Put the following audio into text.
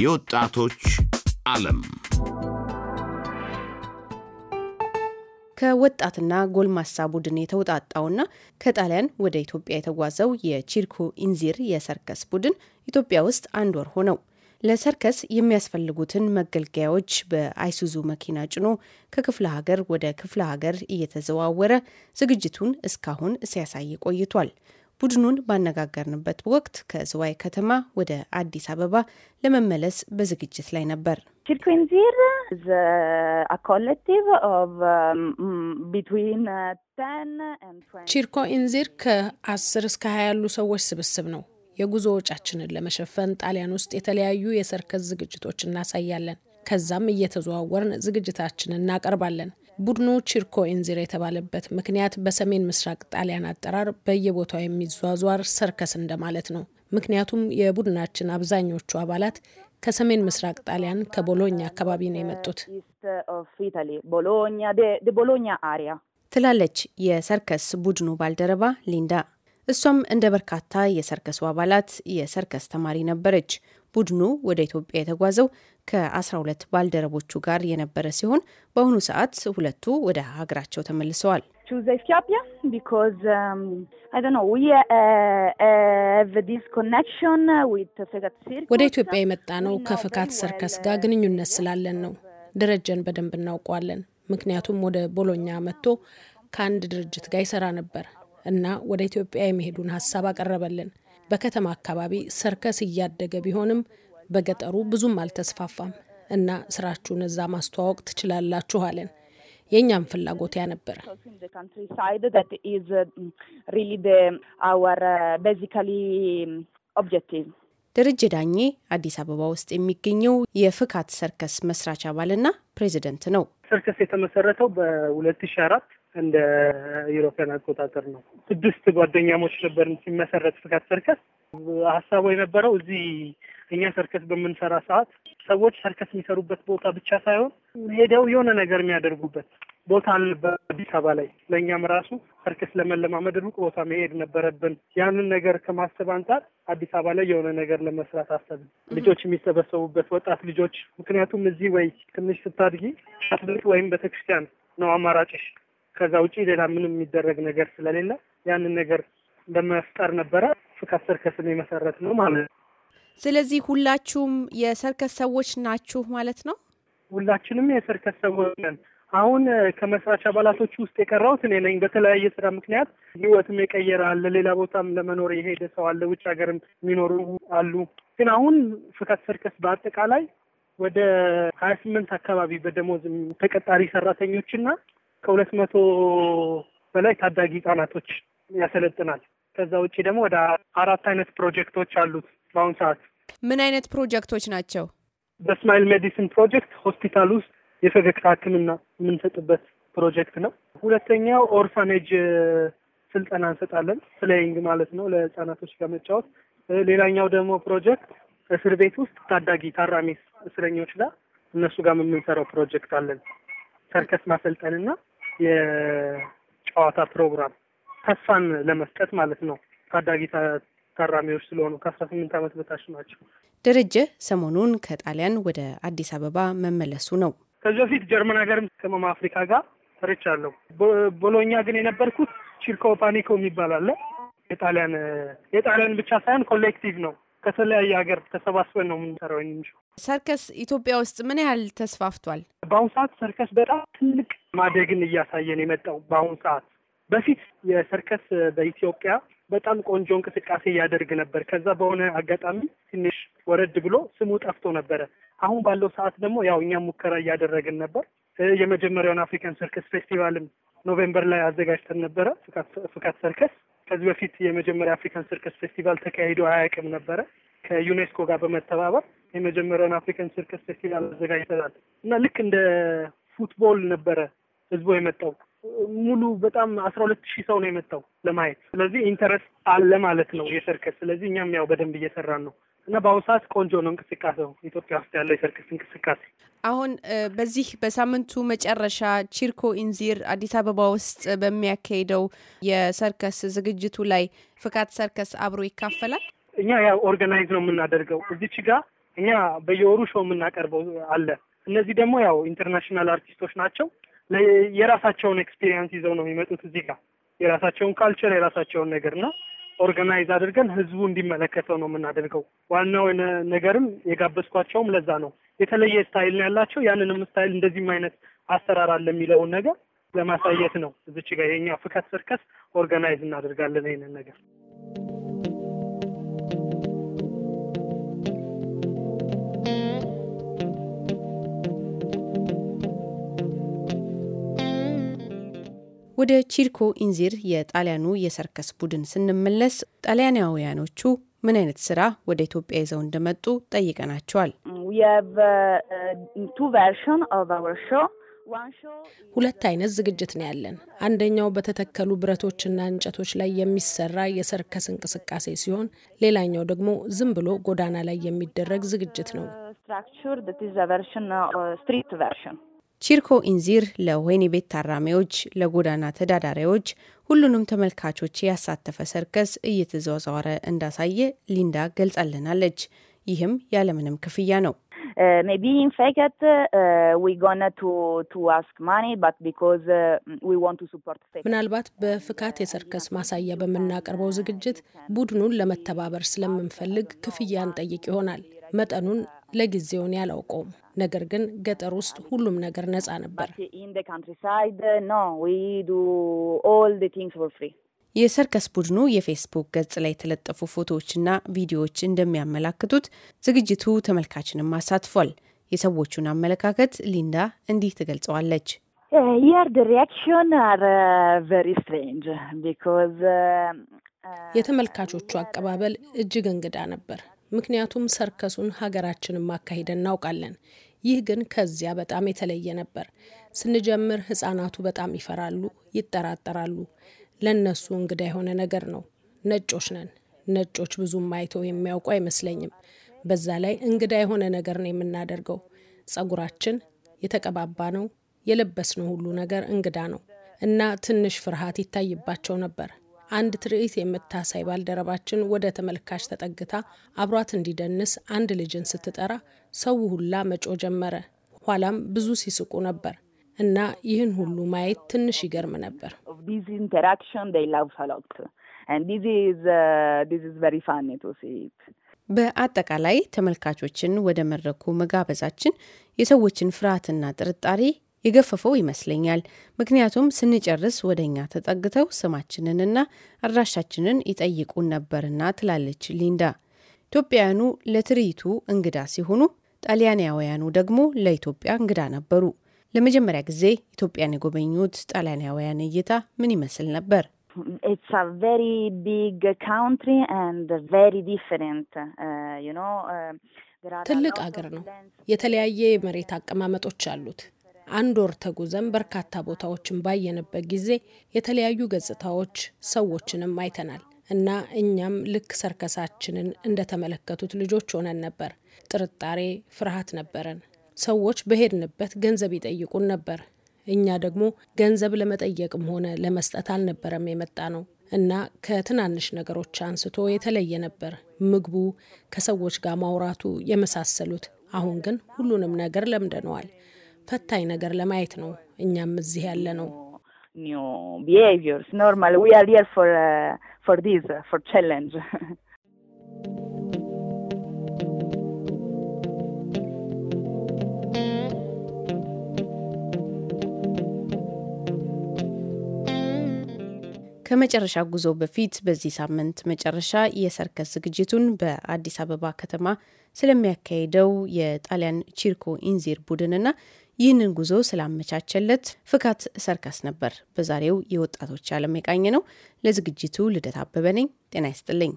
የወጣቶች ዓለም ከወጣትና ጎልማሳ ቡድን የተውጣጣውና ከጣሊያን ወደ ኢትዮጵያ የተጓዘው የቺርኩ ኢንዚር የሰርከስ ቡድን ኢትዮጵያ ውስጥ አንድ ወር ሆነው ለሰርከስ የሚያስፈልጉትን መገልገያዎች በአይሱዙ መኪና ጭኖ ከክፍለ ሀገር ወደ ክፍለ ሀገር እየተዘዋወረ ዝግጅቱን እስካሁን ሲያሳይ ቆይቷል። ቡድኑን ባነጋገርንበት ወቅት ከዝዋይ ከተማ ወደ አዲስ አበባ ለመመለስ በዝግጅት ላይ ነበር። ቺርኮ ኢንዚር ከ10 እስከ ሀያ ያሉ ሰዎች ስብስብ ነው። የጉዞ ወጫችንን ለመሸፈን ጣሊያን ውስጥ የተለያዩ የሰርከስ ዝግጅቶች እናሳያለን። ከዛም እየተዘዋወርን ዝግጅታችንን እናቀርባለን። ቡድኑ ቺርኮ ኢንዚር የተባለበት ምክንያት በሰሜን ምስራቅ ጣሊያን አጠራር በየቦታው የሚዟዟር ሰርከስ እንደማለት ነው። ምክንያቱም የቡድናችን አብዛኞቹ አባላት ከሰሜን ምስራቅ ጣሊያን ከቦሎኛ አካባቢ ነው የመጡት ትላለች የሰርከስ ቡድኑ ባልደረባ ሊንዳ እሷም እንደ በርካታ የሰርከሱ አባላት የሰርከስ ተማሪ ነበረች። ቡድኑ ወደ ኢትዮጵያ የተጓዘው ከ12 ባልደረቦቹ ጋር የነበረ ሲሆን በአሁኑ ሰዓት ሁለቱ ወደ ሀገራቸው ተመልሰዋል። um, uh, uh, ወደ ኢትዮጵያ የመጣ ነው ከፍካት ሰርከስ uh, ጋር ግንኙነት ስላለን ነው። ደረጀን በደንብ እናውቀዋለን። ምክንያቱም ወደ ቦሎኛ መጥቶ ከአንድ ድርጅት ጋር ይሰራ ነበር። እና ወደ ኢትዮጵያ የመሄዱን ሀሳብ አቀረበልን። በከተማ አካባቢ ሰርከስ እያደገ ቢሆንም በገጠሩ ብዙም አልተስፋፋም እና ስራችሁን እዛ ማስተዋወቅ ትችላላችሁ አለን። የእኛም ፍላጎት ያ ነበረ። ደረጀ ዳኜ አዲስ አበባ ውስጥ የሚገኘው የፍካት ሰርከስ መስራች አባልና ፕሬዚደንት ነው። ሰርከስ የተመሰረተው በሁለት ሺ አራት እንደ ዩሮፒያን አቆጣጠር ነው። ስድስት ጓደኛሞች ነበርን ሲመሰረት ፍካት ሰርከስ። ሀሳቡ የነበረው እዚህ እኛ ሰርከስ በምንሰራ ሰዓት ሰዎች ሰርከስ የሚሰሩበት ቦታ ብቻ ሳይሆን ሄደው የሆነ ነገር የሚያደርጉበት ቦታ አልነበረ አዲስ አበባ ላይ። ለእኛም ራሱ ሰርከስ ለመለማመድ ሩቅ ቦታ መሄድ ነበረብን። ያንን ነገር ከማሰብ አንጻር አዲስ አበባ ላይ የሆነ ነገር ለመስራት አሰብን። ልጆች የሚሰበሰቡበት ወጣት ልጆች፣ ምክንያቱም እዚህ ወይ ትንሽ ስታድጊ ወይም ቤተክርስቲያን ነው አማራጭሽ ከዛ ውጪ ሌላ ምንም የሚደረግ ነገር ስለሌለ ያንን ነገር ለመፍጠር ነበረ ፍካት ሰርከስን የመሰረት ነው ማለት ነው። ስለዚህ ሁላችሁም የሰርከስ ሰዎች ናችሁ ማለት ነው። ሁላችንም የሰርከስ ሰዎች ነን። አሁን ከመስራች አባላቶች ውስጥ የቀረሁት እኔ ነኝ። በተለያየ ስራ ምክንያት ህይወትም የቀየረ አለ፣ ሌላ ቦታም ለመኖር የሄደ ሰው አለ፣ ውጭ ሀገርም የሚኖሩ አሉ። ግን አሁን ፍካት ሰርከስ በአጠቃላይ ወደ ሀያ ስምንት አካባቢ በደሞዝ ተቀጣሪ ሰራተኞችና ከሁለት መቶ በላይ ታዳጊ ህጻናቶች ያሰለጥናል። ከዛ ውጭ ደግሞ ወደ አራት አይነት ፕሮጀክቶች አሉት። በአሁኑ ሰዓት ምን አይነት ፕሮጀክቶች ናቸው? በስማይል ሜዲሲን ፕሮጀክት ሆስፒታል ውስጥ የፈገግታ ህክምና የምንሰጥበት ፕሮጀክት ነው። ሁለተኛው ኦርፋኔጅ ስልጠና እንሰጣለን፣ ስሌይንግ ማለት ነው፣ ለህጻናቶች ለመጫወት። ሌላኛው ደግሞ ፕሮጀክት እስር ቤት ውስጥ ታዳጊ ታራሚ እስረኞች ጋር እነሱ ጋር የምንሰራው ፕሮጀክት አለን ሰርከስ ማሰልጠንና የጨዋታ ፕሮግራም ተስፋን ለመስጠት ማለት ነው። ታዳጊ ታራሚዎች ስለሆኑ ከአስራ ስምንት ዓመት በታች ናቸው። ደረጀ ሰሞኑን ከጣሊያን ወደ አዲስ አበባ መመለሱ ነው። ከዚህ በፊት ጀርመን ሀገርም ከመማ አፍሪካ ጋር ሰርቻለሁ። ቦሎኛ ግን የነበርኩት ቺርኮ ፓኒኮ የሚባል አለ። የጣሊያን የጣሊያን ብቻ ሳይሆን ኮሌክቲቭ ነው። ከተለያየ ሀገር ተሰባስበን ነው የምንሰራው። ሰርከስ ኢትዮጵያ ውስጥ ምን ያህል ተስፋፍቷል? በአሁኑ ሰዓት ሰርከስ በጣም ትልቅ ማደግን እያሳየን የመጣው በአሁኑ ሰዓት። በፊት የሰርከስ በኢትዮጵያ በጣም ቆንጆ እንቅስቃሴ እያደርግ ነበር። ከዛ በሆነ አጋጣሚ ትንሽ ወረድ ብሎ ስሙ ጠፍቶ ነበረ። አሁን ባለው ሰዓት ደግሞ ያው እኛም ሙከራ እያደረግን ነበር። የመጀመሪያውን አፍሪካን ሰርከስ ፌስቲቫልም ኖቬምበር ላይ አዘጋጅተን ነበረ። ፍካት ሰርከስ ከዚህ በፊት የመጀመሪያ አፍሪካን ሰርከስ ፌስቲቫል ተካሂዶ አያውቅም ነበረ። ከዩኔስኮ ጋር በመተባበር የመጀመሪያውን አፍሪካን ሰርከስ ፌስቲቫል አዘጋጅተናል እና ልክ እንደ ፉትቦል ነበረ ህዝቡ የመጣው ሙሉ በጣም አስራ ሁለት ሺህ ሰው ነው የመጣው ለማየት። ስለዚህ ኢንተረስት አለ ማለት ነው የሰርከስ። ስለዚህ እኛም ያው በደንብ እየሰራን ነው እና በአሁኑ ሰዓት ቆንጆ ነው እንቅስቃሴው ኢትዮጵያ ውስጥ ያለው የሰርከስ እንቅስቃሴ። አሁን በዚህ በሳምንቱ መጨረሻ ቺርኮ ኢንዚር አዲስ አበባ ውስጥ በሚያካሂደው የሰርከስ ዝግጅቱ ላይ ፍካት ሰርከስ አብሮ ይካፈላል። እኛ ያው ኦርጋናይዝ ነው የምናደርገው እዚች ጋር እኛ በየወሩ ሾው የምናቀርበው አለ። እነዚህ ደግሞ ያው ኢንተርናሽናል አርቲስቶች ናቸው የራሳቸውን ኤክስፒሪየንስ ይዘው ነው የሚመጡት እዚህ ጋር የራሳቸውን ካልቸር የራሳቸውን ነገር እና ኦርጋናይዝ አድርገን ህዝቡ እንዲመለከተው ነው የምናደርገው። ዋናው ነገርም የጋበዝኳቸውም ለዛ ነው። የተለየ ስታይል ነው ያላቸው። ያንንም ስታይል እንደዚህም አይነት አሰራር አለ የሚለውን ነገር ለማሳየት ነው። እዚች ጋር የኛ ፍካት ስርከስ ኦርጋናይዝ እናደርጋለን ይህንን ነገር ወደ ቺርኮ ኢንዚር የጣሊያኑ የሰርከስ ቡድን ስንመለስ ጣሊያናውያኖቹ ምን አይነት ስራ ወደ ኢትዮጵያ ይዘው እንደመጡ ጠይቀናቸዋል። uh, ሁለት አይነት ዝግጅት ነው ያለን። አንደኛው በተተከሉ ብረቶችና እንጨቶች ላይ የሚሰራ የሰርከስ እንቅስቃሴ ሲሆን፣ ሌላኛው ደግሞ ዝም ብሎ ጎዳና ላይ የሚደረግ ዝግጅት ነው። uh, ቺርኮ ኢንዚር ለወህኒ ቤት ታራሚዎች፣ ለጎዳና ተዳዳሪዎች፣ ሁሉንም ተመልካቾች ያሳተፈ ሰርከስ እየተዘዋወረ እንዳሳየ ሊንዳ ገልጻልናለች። ይህም ያለምንም ክፍያ ነው። uh, uh, uh, ምናልባት በፍካት የሰርከስ ማሳያ በምናቀርበው ዝግጅት ቡድኑን ለመተባበር ስለምንፈልግ ክፍያ እንጠይቅ ይሆናል። መጠኑን ለጊዜውን ያላውቀውም። ነገር ግን ገጠር ውስጥ ሁሉም ነገር ነጻ ነበር። የሰርከስ ቡድኑ የፌስቡክ ገጽ ላይ የተለጠፉ ፎቶዎችና ቪዲዮዎች እንደሚያመላክቱት ዝግጅቱ ተመልካችንም አሳትፏል። የሰዎቹን አመለካከት ሊንዳ እንዲህ ትገልጸዋለች። uh, uh, uh, የተመልካቾቹ አቀባበል እጅግ እንግዳ ነበር። ምክንያቱም ሰርከሱን ሀገራችንን ማካሄደ እናውቃለን። ይህ ግን ከዚያ በጣም የተለየ ነበር። ስንጀምር ህጻናቱ በጣም ይፈራሉ፣ ይጠራጠራሉ። ለእነሱ እንግዳ የሆነ ነገር ነው። ነጮች ነን። ነጮች ብዙም አይተው የሚያውቁ አይመስለኝም። በዛ ላይ እንግዳ የሆነ ነገር ነው የምናደርገው። ጸጉራችን የተቀባባ ነው፣ የለበስነው ሁሉ ነገር እንግዳ ነው እና ትንሽ ፍርሃት ይታይባቸው ነበር። አንድ ትርኢት የምታሳይ ባልደረባችን ወደ ተመልካች ተጠግታ አብሯት እንዲደንስ አንድ ልጅን ስትጠራ ሰው ሁላ መጮ ጀመረ። ኋላም ብዙ ሲስቁ ነበር እና ይህን ሁሉ ማየት ትንሽ ይገርም ነበር። uh, በአጠቃላይ ተመልካቾችን ወደ መድረኩ መጋበዛችን የሰዎችን ፍርሃትና ጥርጣሬ የገፈፈው ይመስለኛል። ምክንያቱም ስንጨርስ ወደ እኛ ተጠግተው ስማችንንና አድራሻችንን ይጠይቁን ነበርና ትላለች ሊንዳ። ኢትዮጵያውያኑ ለትርኢቱ እንግዳ ሲሆኑ፣ ጣሊያናውያኑ ደግሞ ለኢትዮጵያ እንግዳ ነበሩ። ለመጀመሪያ ጊዜ ኢትዮጵያን የጎበኙት ጣሊያናውያን እይታ ምን ይመስል ነበር? Uh, uh, ትልቅ አገር ነው። የተለያየ የመሬት አቀማመጦች አሉት። አንድ ወር ተጉዘን በርካታ ቦታዎችን ባየንበት ጊዜ የተለያዩ ገጽታዎች፣ ሰዎችንም አይተናል እና እኛም ልክ ሰርከሳችንን እንደተመለከቱት ልጆች ሆነን ነበር። ጥርጣሬ፣ ፍርሃት ነበረን። ሰዎች በሄድንበት ገንዘብ ይጠይቁን ነበር። እኛ ደግሞ ገንዘብ ለመጠየቅም ሆነ ለመስጠት አልነበረም የመጣ ነው እና ከትናንሽ ነገሮች አንስቶ የተለየ ነበር። ምግቡ፣ ከሰዎች ጋር ማውራቱ የመሳሰሉት። አሁን ግን ሁሉንም ነገር ለምደነዋል። ፈታኝ ነገር ለማየት ነው እኛም እዚህ ያለ ነው። uh, uh, ከመጨረሻ ጉዞ በፊት በዚህ ሳምንት መጨረሻ የሰርከስ ዝግጅቱን በአዲስ አበባ ከተማ ስለሚያካሂደው የጣሊያን ቺርኮ ኢንዚር ቡድንና ይህንን ጉዞ ስላመቻቸለት ፍካት ሰርካስ ነበር። በዛሬው የወጣቶች አለም የቃኝ ነው። ለዝግጅቱ ልደት አበበ ነኝ። ጤና ይስጥልኝ።